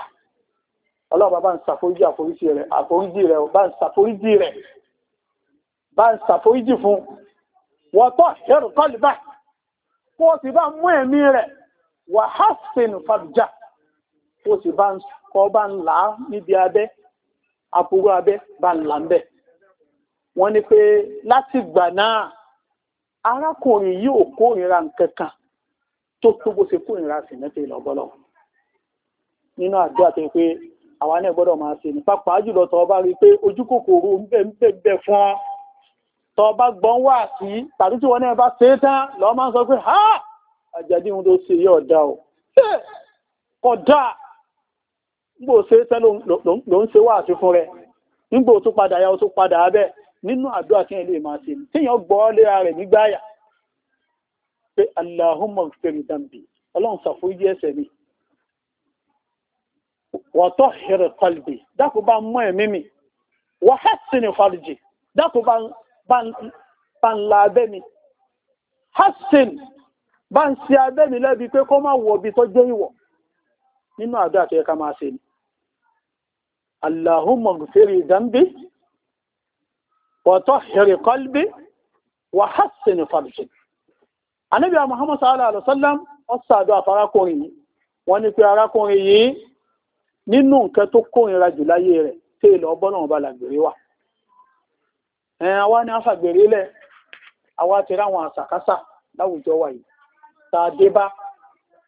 ọlọ́ọ̀bá bá ń ṣàforíjì àforíjì rẹ̀ àforíjì rẹ̀ bá ń ṣàforíjì rẹ̀ bá ń ṣàforíjì fún wọ́tọ̀ ẹrù kọlù bá kó o sì bá mú kọ́ bá ń là á níbi abẹ́ aburú abẹ́ bá ń là ń bẹ̀ wọ́n ní pé láti gbà náà arákùnrin yìí ò kórìíra nǹkan kan tó tó bó ṣe kórìíra sí mẹ́ta ìlọ́gbọ́lọ́ nínú àdúrà tó pé àwa náà gbọ́dọ̀ máa ṣe ní pàápàá jùlọ tó bá rí pé ojú kòkòrò ń bẹ ń bẹ bẹ fún ọ tó bá gbọ́n wà sí tàbí tí wọ́n náà bá ṣe é tán lọ́ máa ń sọ pé ha àjàdí ohun tó ṣe yóò dá o kódà nígbò ṣe tẹ́ ló ń ṣe wà sí fún rẹ̀ nígbò tó padà yá tó padà abẹ́ nínú àdúrà tí ilé máa ṣe tíyàn gbọ́ léra rẹ̀ nígbàyà pé Allahumma fèrè dàmbì ọlọ́run ṣàforíjì ẹ̀ṣẹ̀ mi wa tahhir qalbi dákò bá mọ́ ẹ̀mí mi wa hassin farji dákò bá ń la abẹ́ mi hassin bá ń ṣe abẹ́ mi lẹ́bi pé kó má wọ̀ bí tó jẹ́ ìwọ̀ nínú àdúrà tó yẹ ká máa ṣe ni اللهم اغفر ذنبي وطهر قلبي وحسن فرجي Ànábì Muhammad sallallahu alaihi wasallam ó ṣàdúà farakùnrin yìí wọ́n ní pé arákùnrin yìí nínú nǹkan tó kórìíra jù láyé rẹ̀ tí ilẹ̀ ọgbọ́n náà bá làgbèrè wà ẹ̀yìn àwa ni aṣàgbèrè lẹ̀ àwa ti ráwọn àṣàkáṣà láwùjọ wa yìí tá a dé bá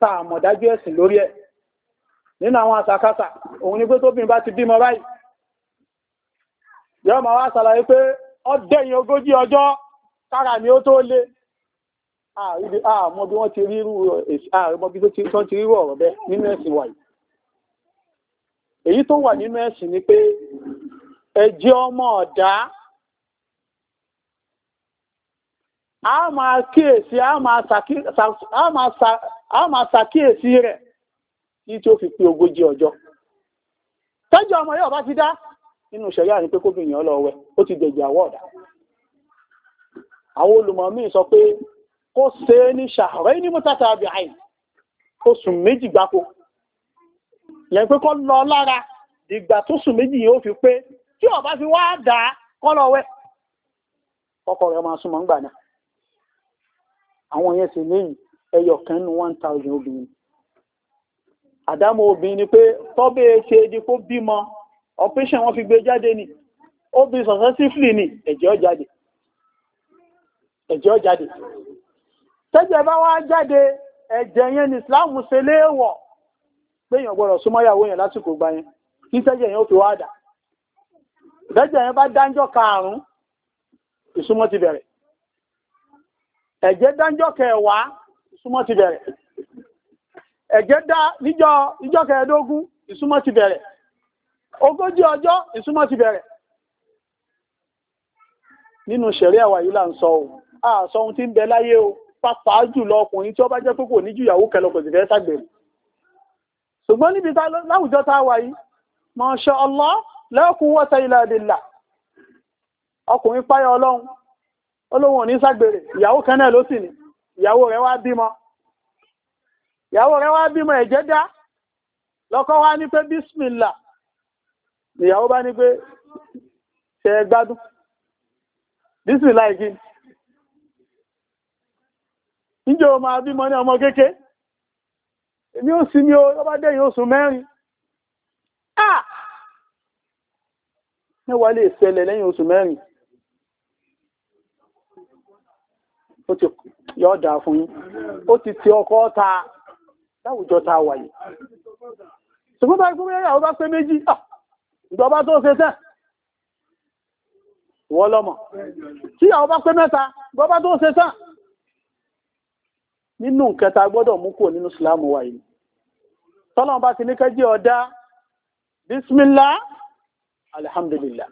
tá a mọ̀dájú ẹ̀sìn lórí ẹ̀ nínú àwọn àsàkásà òun ni pé tó bìn bá ti bímọ báyìí yọ ma wá sàlàyé pé ọ dẹ̀yìn ogójì ọjọ́ kára ni ó tó lé àmọ́ bí wọ́n ti rí àmọ́ bí tó ti rírú ọ̀rọ̀ bẹ́ nínú ẹ̀sìn wà yìí èyí tó wà nínú ẹ̀sìn ni pé ẹjẹ́ ọmọ ọ̀dá a máa ṣàkíyèsí rẹ̀ ní tí ó fi pé ogójì ọjọ́ tọ́jú ọmọ yóò bá ti dá nínú ìṣẹ̀lẹ̀ àrí pé kóbìnrin ọlọ́wẹ́ ó ti dẹ̀jẹ̀ àwọ̀ ọ̀dà àwọn olùmọ̀ míì sọ pé kó ṣe é ní ṣàárẹ̀ ní mọ́tàtà àbí àì sùn méjì gbáko yẹn pé kó lọ lára ìgbà tó sùn méjì yìí ó fi pé tí ọba bá fi wá dà á kọ́ lọ́wẹ́ ọkọ rẹ̀ máa súnmọ́ ńgbà náà àwọn yẹn sì ní ẹyọ kan ní one thousand obìnrin àdámọ̀ obìnrin ni pé tọ́bẹ̀ ṣe di bímọ operation wọn fi gbé jáde ni ó bí successively ni ẹ̀jẹ̀ ó jáde ẹ̀jẹ̀ ó bá wá jáde ẹ̀jẹ̀ yẹn ni Islam ṣe léèwọ̀ péyàn gbọ́dọ̀ súnmọ́yàwó yẹn lásìkò gbà yẹn kí tẹ́jẹ̀ yẹn ó fi wá dà tẹ́jẹ̀ yẹn bá dánjọ́ karùn-ún ìsúnmọ́ ti bẹ̀rẹ̀ ẹ̀jẹ̀ dánjọ́ kẹwàá ìsúnmọ́ ti bẹ̀rẹ̀ ẹ̀jẹ̀ dá níjọ́ ìjọ́ kẹẹ̀ẹ́dógún ìsúnmọ́ ti bẹ̀rẹ̀ ogójì ọjọ́ ìsúnmọ́ ti bẹ̀rẹ̀ nínú ṣẹ̀rí àwà yìí là ń sọ ohun àṣọ ohun tí ń bẹ láyé o pápá jùlọ ọkùnrin tí ó bá jẹ́ pé ní ju ìyàwó kẹlọ kò sì fẹ́ ságbèrè ṣùgbọ́n níbi láwùjọ tá a wà yìí Masha Allah la quwwata illa billah ọkùnrin páyọ ọlọ́run olóhun ò ní ságbèrè ìyàwó kan náà ló sì ní ìyàwó rẹ̀ wá bímọ ìyàwó rẹ̀ wá bímọ ẹ̀jẹ̀ dá lọ́kọ wá ní pé ìyàwó bá ní pé ṣe gbádùn níjẹ́ o máa bímọ ní ọmọ kéèké ní o lọ́bá dé yóò sùn mẹ́rin ah mẹ́wàá lè ṣẹlẹ̀ lẹ́yìn oṣù mẹ́rin ó ti yọ́ dà fún láwùjọ ta wà yìí ṣùgbọ́n bá gbọ́mọ́ ìyàwó bá pé méjì ìjọba tó ṣe tẹ́ wọ́n lọ́mọ̀ tí ìyàwó bá pé mẹ́ta ìjọba tó ṣe tẹ́ nínú nkẹta gbọ́dọ̀ mú kúrò nínú ìsìlámù wa yìí tọ́lọ́n bá ti ní kẹ́jẹ́ ọ̀dá bísmílá alhamdulillah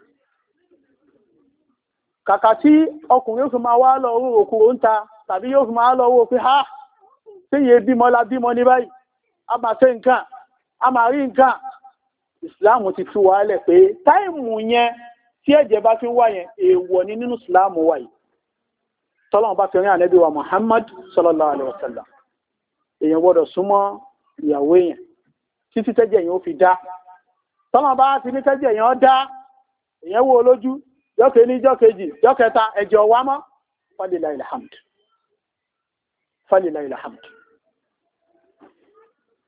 kàkà tí ọkùnrin yóò fi máa wá lọ owó òkú ha séyẹ bímọ la bímọ ní báyìí a máa ṣe nǹkan a máa rí nǹkan ìsìláàmù ti tú wàálẹ̀ pé táìmù yẹn tí ẹ̀jẹ̀ bá fi wá yẹn èèwọ̀ ni nínú ìsìláàmù wà yìí tọ́lọ́run bá fi rí ànẹ́bí wa Muhammad sallallahu alaihi wasallam èèyàn gbọ́dọ̀ súnmọ́ ìyàwó èèyàn títí tẹ́jẹ̀ yẹn ó fi dá tọ́lọ́run bá ti ní tẹ́jẹ̀ yẹn dá èèyàn wo lójú jọ́kẹ́ ní jọ́kẹ́jì jọ́kẹta ẹ̀jẹ̀ ọ̀wá mọ́ falilahil hamd falilahil hamd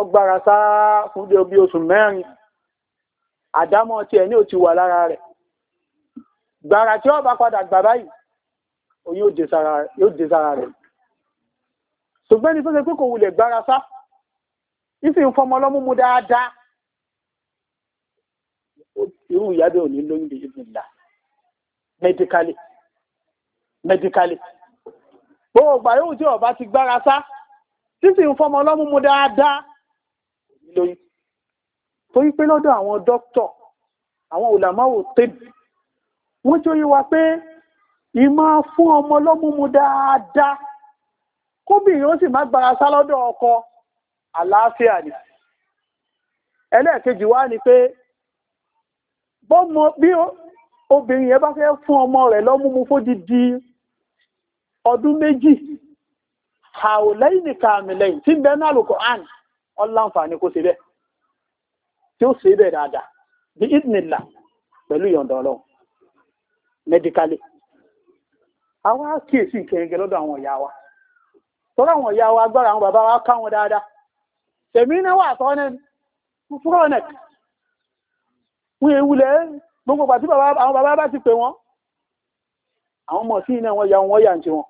ọgbàrà sáá fún bí obi oṣù mẹ́rin àdámọ́ tí ẹ̀ ní ò ti wà lára rẹ̀ gbàrà tí ó bá padà gbà báyìí o yóò dé sára rẹ̀ ṣùgbọ́n ní fẹ́sẹ̀ pé kò wulẹ̀ gbàrà sá ìsì ń fọmọ lọ́mú mu dáadáa irú ìyábẹ̀ ò lóyún lè yìí nìlá mẹ́díkálì mẹ́díkálì gbogbo àyóò tí ó ti gbàrà sá ìsì ń fọmọ lọ́mú mu dáadáa lóyún torí pé lọ́dọ̀ àwọn dókítọ̀ àwọn òlàmáwò tẹ́bì wọ́n jó yí wa pé ìmọ̀ fún ọmọ lọ́múmu dáadáa kóbìnrin ó sì má gbára sá lọ́dọ̀ ọkọ àlàáfíà ni ẹlẹ́ẹ̀kejì wá ni pé bọ́mọ bí obìnrin yẹn bá fẹ́ fún ọmọ rẹ̀ lọ́múmu fódidi ọdún méjì àòlẹ́yìn nìkan àmì lẹ́yìn tí ń bẹ náà lòkọ̀ àná ọ láǹfààní kó ṣe bẹ́ẹ̀ tí ó ṣe bẹ́ẹ̀ dáadáa bí ìdìnnìlà pẹ̀lú ìyọ̀ǹda ọlọ́run mẹ́díkálì àwa kíyèsí ìkẹyìnkẹ lọ́dọ̀ àwọn ìyá wa tọ́lá àwọn ìyá wa agbára àwọn bàbá wa káwọn dáadáa tẹ̀mí náà wà tọ́ náà fúnra ọ̀nà wọ́n ewúlẹ̀ gbogbo pàtí àwọn bàbá bá ti pè wọ́n àwọn ọmọ sí iná wọn ya wọn yà ń ti wọn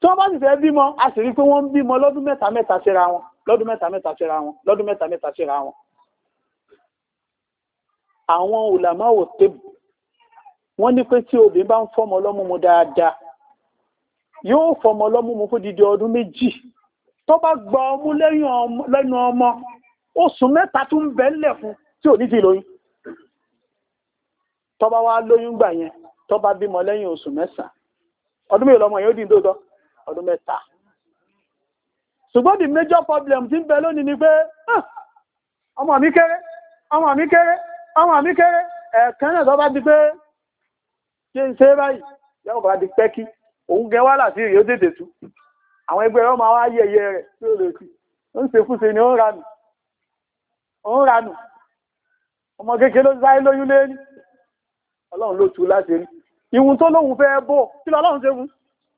tí wọ́n bá sì fẹ́ bímọ a sì rí pé wọ́n ń bímọ lọ́dún mẹ́ta mẹ́ta síra wọn lọ́dún mẹ́ta mẹ́ta síra wọn lọ́dún mẹ́ta mẹ́ta síra wọn àwọn òlàmáwò tébù wọ́n ní pé tí obìnrin bá ń fọ́mọ ọlọ́mú mu dáadáa yóò fọ́mọ ọlọ́mú mu fún dídí ọdún méjì tó bá gba ọmú lẹ́nu ọmọ oṣù mẹ́ta tún bẹ́ẹ̀lẹ̀ fún tí ò ní ti lóyún tó bá wá lóyún gbà yẹn tó bá bímọ lẹ́yìn oṣù mẹ́sàn-án ọdún mélòó lọmọ yóò dín dódọ́ ọdún mẹ́ta ṣùgbọ́n the major problem tí ń bẹ lónìí ni pé ah, ọmọ mi kéré ọmọ mi kéré ọmọ mi kéré ẹ̀ẹ̀kan náà tó bá di pé ṣe ń ṣe báyìí yóò bá di pẹ́kí òun gẹ wá láti rí ó tètè tú àwọn ẹgbẹ́ rẹ̀ máa wá yẹ̀yẹ rẹ̀ tí ó lè fi ó ń ṣekúṣe ni ó ń ranù ó ń ranù ọmọ ọlọ́run ló tú láti rí ìwùn tó lóhun fẹ́ bó kí lọ́lọ́run ṣe fún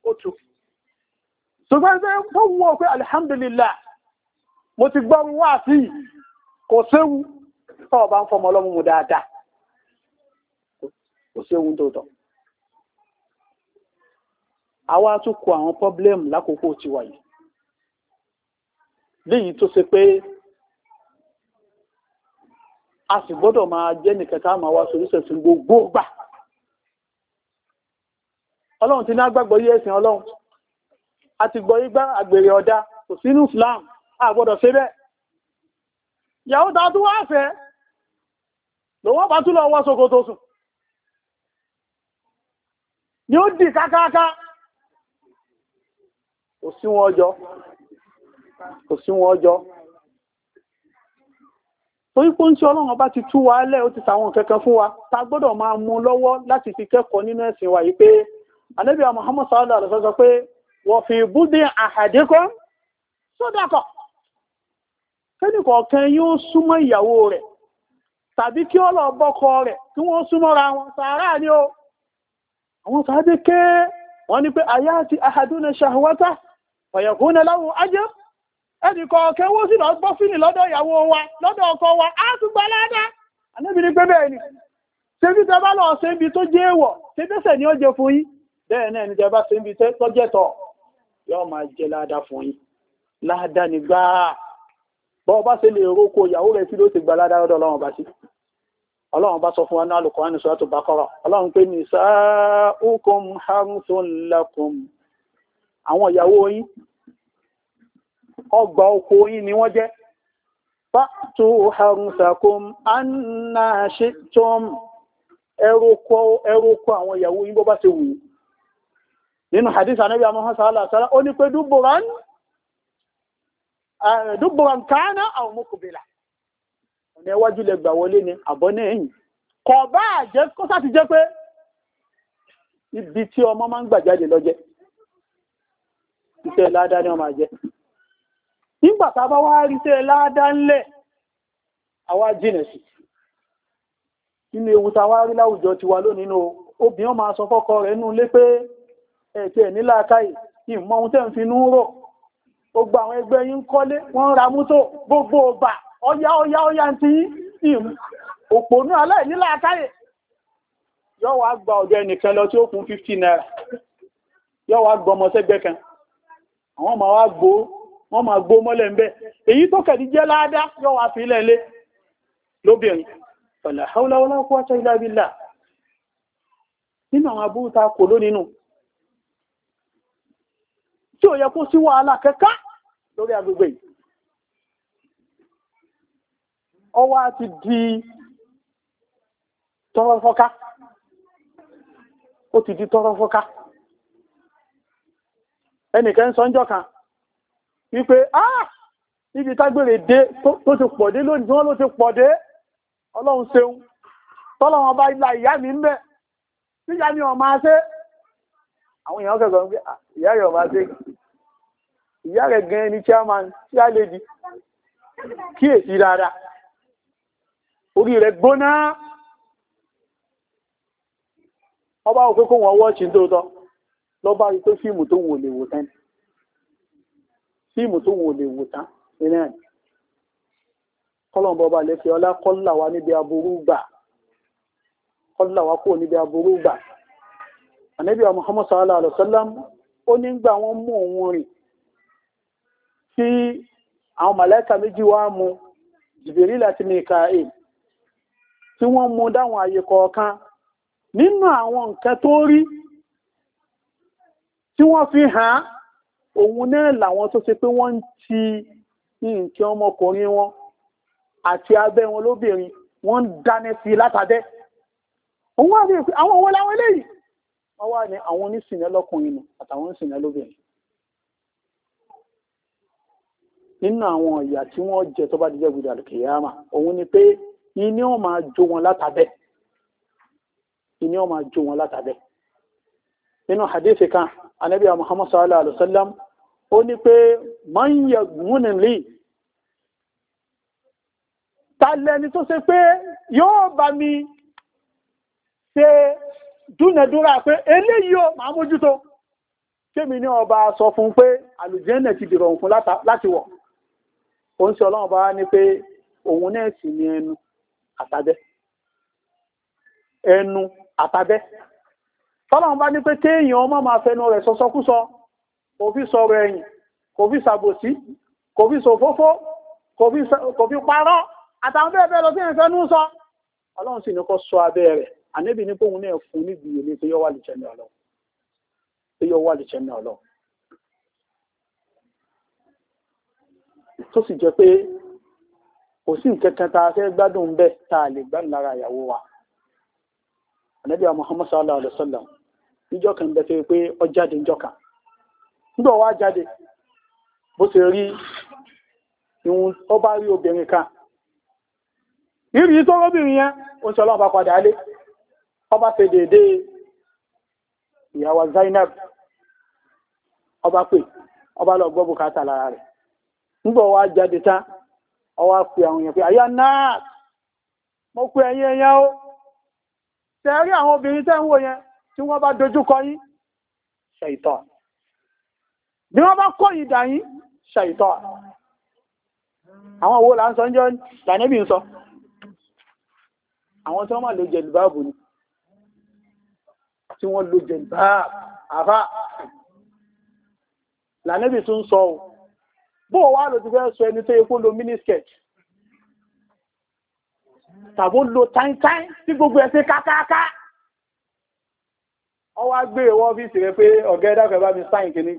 ó tú ṣùgbọ́n ṣe tó wọ́ pé alhamdulillah mo ti gbọ́ wá sí kò séwu tó bá ń fọmọ ọlọ́mú mu dáadáa kò séwu tó tọ̀ àwa tún kó àwọn pọ́blẹ́mù lákòókò tí wà yìí léyìí tó ṣe pé a sì gbọ́dọ̀ máa jẹ́ nìkan tá máa wá sóríṣẹ́ gbogbo gbà ọlọ́run ti ní agbágbọ́ yé ẹ̀sìn ọlọ́run a ti gbọ́ igbá àgbèrè ọ̀dá kò sínú Islam àgbọ́dọ̀ ṣe bẹ́ẹ̀ ìyàwó ta tún wá fẹ́ lòwọ́ bá tún lọ wọ́ ṣòkòtò sùn ni ó dì kákáká kò sí wọn ọjọ́ kò sí wọn ọjọ́ torí pé ń tí ọlọ́run bá ti tú wa lẹ́ ó ti sàwọn kẹ́kẹ́ fún wa ta gbọ́dọ̀ máa mú lọ́wọ́ láti fi kẹ́kọ̀ọ́ nínú ẹ̀sìn wa yìí pé alẹ́bíà Muhammad sallallahu alaihi pé wọ̀fì búdí àhàdékọ́ sódàkọ̀ kẹ́nìkọ̀ọ̀kan yóò súnmọ́ ìyàwó rẹ̀ tàbí kí ó lọ bọ́kọ rẹ̀ kí wọ́n ra wọn sàárà ní o àwọn sàábé ké wọ́n ni pé àyà àti àhàdúnà ṣàwọ́tà láwọn ajé wó sí lọ bọ́ fínì lọ́dọ̀ ìyàwó wa lọ́dọ̀ ọkọ wa á tún pé bẹ́ẹ̀ ni ṣe tẹ bá lọ tó jẹ́ ni ó jẹ fún yín bẹ́ẹ̀ náà ni tẹ bá tọ̀ yóò máa jẹ́ ládàá fún yín ládàá ní gbáà bọ́ọ̀ bá ṣe lè rókò ìyàwó rẹ̀ tí ló ti gba ládàá lọ́dọ̀ ọlọ́run bá sí ọlọ́run bá sọ fún wa ní Al-Qur'an ní Suratul ọlọ́run pé nisa'ukum harthun lakum àwọn ìyàwó yín ọgbà oko yín ni wọ́n jẹ́ fàtú harthakum anna shi'tum ẹrù kọ àwọn ìyàwó yín bó bá ṣe wù yín nínú hadith anábí amóhán sàálà sàálà ó ní pé dúbùrán káánà àwọn mọ́kùnbílà ọ̀nà iwájú lè gbà wọlé ni àbọ́nà ẹ̀yìn kọ̀ bá jẹ́ kó sáti jẹ́ pé ibi tí ọmọ máa ń gbà jáde lọ́jẹ́ iṣẹ́ láádá ni ọmọ àjẹ́ nígbà tá bá wá rí iṣẹ́ láádá ńlẹ̀ àwa jìnà sí nínú ewu tá wá rí láwùjọ tiwa lónìí obìnrin máa sọ rẹ̀ nú lé pé ẹ̀kẹ́ níláàkáì ìmọ̀ ohun tẹ́ ń fi núúrò gbogbo àwọn ẹgbẹ́ yín ń kọ́lé wọ́n ra mútò gbogbo ọba ọya ọya ọya ti yín òpònú aláìníláàkáì yọ́ wá gba ọ̀dọ̀ ẹnìkan lọ tí ó kún 50 naira yọ́ wá gbọmọ sẹ́gbẹ́ kan àwọn ọmọ wa gbó wọ́n máa gbó mọ́lẹ̀ ń bẹ́ èyí tó kẹ̀dí jẹ́ láádá yọ́ wá fi ilẹ̀ ilé lóbìnrin pẹ̀lẹ̀ haúláwọ́lá kó wá tẹ́ ilá nínú àwọn abúrúta kò lónìí tí ò yẹ kó sí wàhálà kẹká lórí agbègbè yìí ọwọ́ á ti di tọrọ fọ́ká ó ti di tọrọ fọ́ká ẹnìkan sọ́njọ́ kan wípé ah níbi tágbèrè dé tó ti pọ̀dé lónìí wọ́n ló ti pọ̀dé ọlọ́run ṣeun tọ́lọ́wọ́n bá ilá ìyá mi ń bẹ̀ síyá ni ọ̀ máa ṣe àwọn èèyàn kẹ́kọ̀ọ́ ah, ìyá yọ̀ máa ṣe ìyá rẹ̀ gan ni chairman tí a lè di kíyèsí dáadáa orí rẹ̀ gbóná ọba òkú kó wọn wọ́ọ̀ṣì tó tọ́ lọ́bá rí tó fíìmù tó wò lè wò tán fíìmù tó wò lè wò tán nínú ẹ̀ kọ́lọ̀mbọ̀ ọba lẹ́fẹ́ ọlá kọ́láwà níbi aburú gbà kọ́láwà kò níbi aburú gbà ànábì Muhammad sallallahu alaihi wasallam ó nígbà wọn mú òun rìn tí àwọn màláíkà méjì wá mú Jibril àti Mikael tí wọ́n mú dáwọn àyè kọ̀ọ̀kan nínú àwọn nǹkan tó rí tí wọ́n fi hàn òun náà làwọn tó ṣe pé wọ́n ń ti nǹkan ọmọkùnrin wọn àti abẹ́ wọn lóbìnrin wọ́n ń dáná sí látàdẹ́ òun wà ní àwọn owó láwọn eléyìí wọ́n wà ní àwọn onísìnà àtàwọn onísìnà nínú àwọn ìyà tí wọ́n jẹ tó bá dijẹ́ gbèdà kìyàmà òun ni pé iní ọ̀ máa jó wọn látàbẹ́ iní ọ̀ máa jó wọn látàbẹ́ nínú hadith kan anabi muhammad sallallahu alaihi wa sallam ó ní pé man yaghmunni li tàlẹ́ni tó ṣe pé yóò bá mi ṣe dúnàdúrà pé eléyìí ó máa mójútó kémi ní ọba sọ fún pé àlùjẹ́nà ti dìrọ̀ òun fún láti wọ̀ ó ń ṣe ọlọ́run bá ní pé òun náà sì ní ẹnu àtàbẹ́ ẹnu àtàbẹ́ tọ́lọ́run bá ní pé téèyàn ọmọ máa fẹnu rẹ̀ sọsọkúsọ kò fi sọ̀rọ̀ ẹ̀yìn kò fi sàbòsí kò fi sòfófó kò fi parọ́ àtàwọn bẹ́ẹ̀ bẹ́ẹ̀ lọ sí ẹ̀fẹ́ nú sọ ọlọ́run sì ní kó sọ abẹ́ rẹ̀ ànẹ́bì ní pé òun náà fún níbi ìlé tó yọ wà lè ní ọlọ́run tó sì jẹ́ pé kò sí nǹkan kan tá a fẹ́ gbádùn ń bẹ̀ a lè gbádùn lára wa ànábì wa Muhammad sallallahu alaihi wa sallam kan bẹ pé ọ jáde níjọ́ kan nígbà wá jáde bó ṣe rí ìhun ó bá rí obìnrin kan ìrì tó rọ́bìnrin yẹn ọba ṣe ìyàwó Zainab ọba pè ọba lọ gbọ́ nígbà wá jáde tán ọwá pè àwọn èèyàn pé àyà náà mo pè ẹ̀yin èèyàn ó tẹ́rí àwọn obìnrin tẹ́ ń wò yẹn tí wọ́n bá dojúkọ yín ṣàìtọ́ bí wọ́n bá kó ìdà yín ṣàìtọ́ àwọn owó là ń jọ lànẹ́bì ń sọ àwọn tí wọ́n mà lo jẹ̀lúbáàbù ni tí wọ́n lo jẹ̀lúbáàbù àfá lànẹ́bì tún sọ bó wá ló ti fẹ́ sọ ẹni tó yẹ kó lo miniskirt tàbó lo táìtáì tí gbogbo ẹ̀ sí kákáká ọwá gbé ìwọ ọ́fíìsì rẹ pé ọ̀gá ẹ̀dá fẹ́ bá mi sáìn kìíní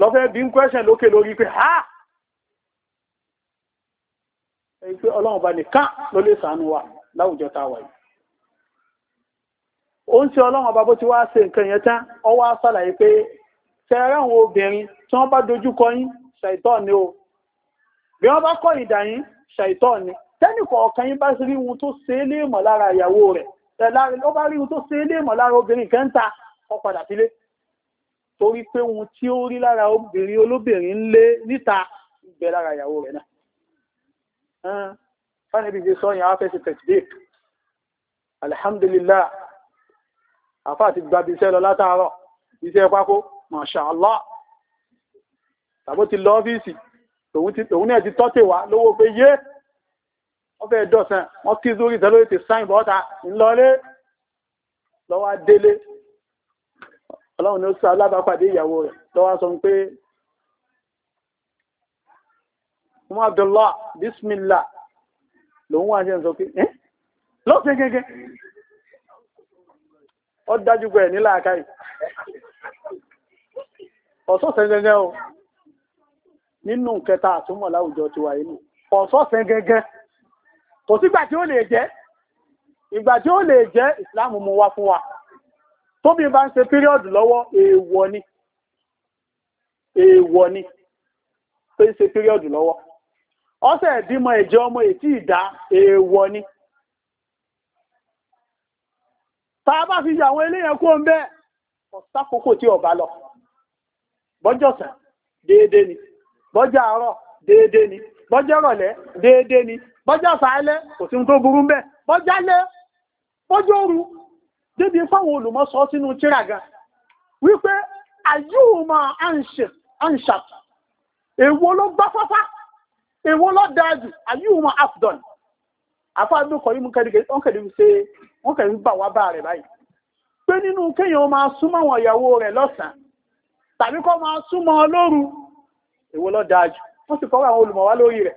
lọ́fẹ́ bí ń kwẹ́ṣẹ̀ lókè lórí pé ha ẹni pé ọlọ́run bá nìkan ló lè sàánú wa láwùjọ ta wà yìí ó ń ṣe ọlọ́run ọba bó ti tẹ́rẹ́ àwọn obìnrin tí wọ́n bá dojúkọ yín ṣàìtọ́ ni o bí wọ́n bá kọ́ ìdà yín ṣàìtọ́ ni tẹ́nìkọ̀ ọ̀kan yín bá rí ohun tó ṣe é léèmọ̀ lára ìyàwó rẹ̀ ó bá rí ohun tó ṣe é léèmọ̀ lára obìnrin kan ta ó padà sílé torí pé ohun tí ó rí lára obìnrin olóbìnrin ń lé níta ìgbé lára ìyàwó rẹ̀ náà fánibí fi sọ yẹn á fẹ́ sí tẹ̀sídéèk alhamdulillah àfáà ti gbabi iṣẹ́ lọ látàárọ̀ iṣẹ́ pákó masha Allah tàbó ti lọ ọ́fíìsì tòun náà ti tọ́tẹ̀ wá lówó pé yé wọ́n fẹ́ dọ̀sán wọ́n kí zúrí tẹ́lórí ti sáìn bọ́ta ńlọlé lọ́wọ́ délé ọlọ́run ni ó sá alábàápàdé ìyàwó rẹ̀ lọ́wọ́ sọ pé ọmọ Abdullah bismillah lòun wà ní ẹ̀sọ́ pé ẹ́ lọ́sẹ̀ ọ̀sọ́sẹ̀ gẹ́gẹ́ o nínú kẹta àtúmọ̀ láwùjọ ti wà inú ọ̀sọ́sẹ̀ gẹ́gẹ́ kò sígbà tí ó lè jẹ́ ìgbà tí ó lè jẹ́ ìsìláàmù mú wá fún wa tóbi bá ń ṣe píríọ̀dù lọ́wọ́ èèwọ̀ ni èèwọ̀ ni pé ń ṣe píríọ̀dù lọ́wọ́ ọ̀sẹ̀ ìdímọ̀ ẹ̀jẹ̀ ọmọ ètí ìdá èèwọ̀ ni tá a bá fi yà àwọn eléyàn ọ̀sákòókò tí ọba lọ bọ́jọ̀sán déédé ni bọ́jà àárọ̀ déédé ni bọ́jà rọ̀lẹ́ déédé ni bọ́jà sàálẹ́ kò sí tó burú bẹ́ẹ̀ bọ́jà lẹ́ bọ́jà òru débi fáwọn olùmọ́sọ sínú tíraga wípé àyíwòmọ̀ àǹṣà èwo ló gbá fáfá èwo ló dájú àyíwòmọ̀ afdọ́n àfáàdó kọ̀rí mú kẹ́dìkẹ́ wọ́n kẹ́dì ṣe wọ́n kẹ́dì bà wá bá rẹ̀ báyìí pé nínú kéèyàn máa súnmọ́ àwọn ìyàwó rẹ̀ lọ́sàn-án tàbí kọ́ máa súnmọ́ lóru èwo ló dáa wọ́n sì kọ́ àwọn olùmọ̀ lórí rẹ̀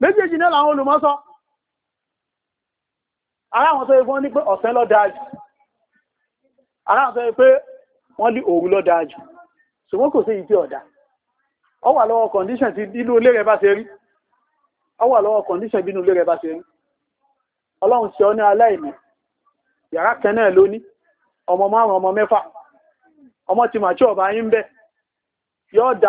méjèèjì náà làwọn olùmọ̀ sọ aláwọn tó yẹ fún ní pé ọ̀sán ló dáa aláwọn tó yẹ pé wọ́n ní òru ló ṣùgbọ́n kò sí ìdí ọ̀dá wà lọ́wọ́ condition ti inú ilé bá ṣe rí wà lọ́wọ́ condition bí inú ilé bá ṣe ọmọ márùn-ún ọmọ mẹ́fà ọmọ ti mà tí ọba yín bẹ́ yọ́ da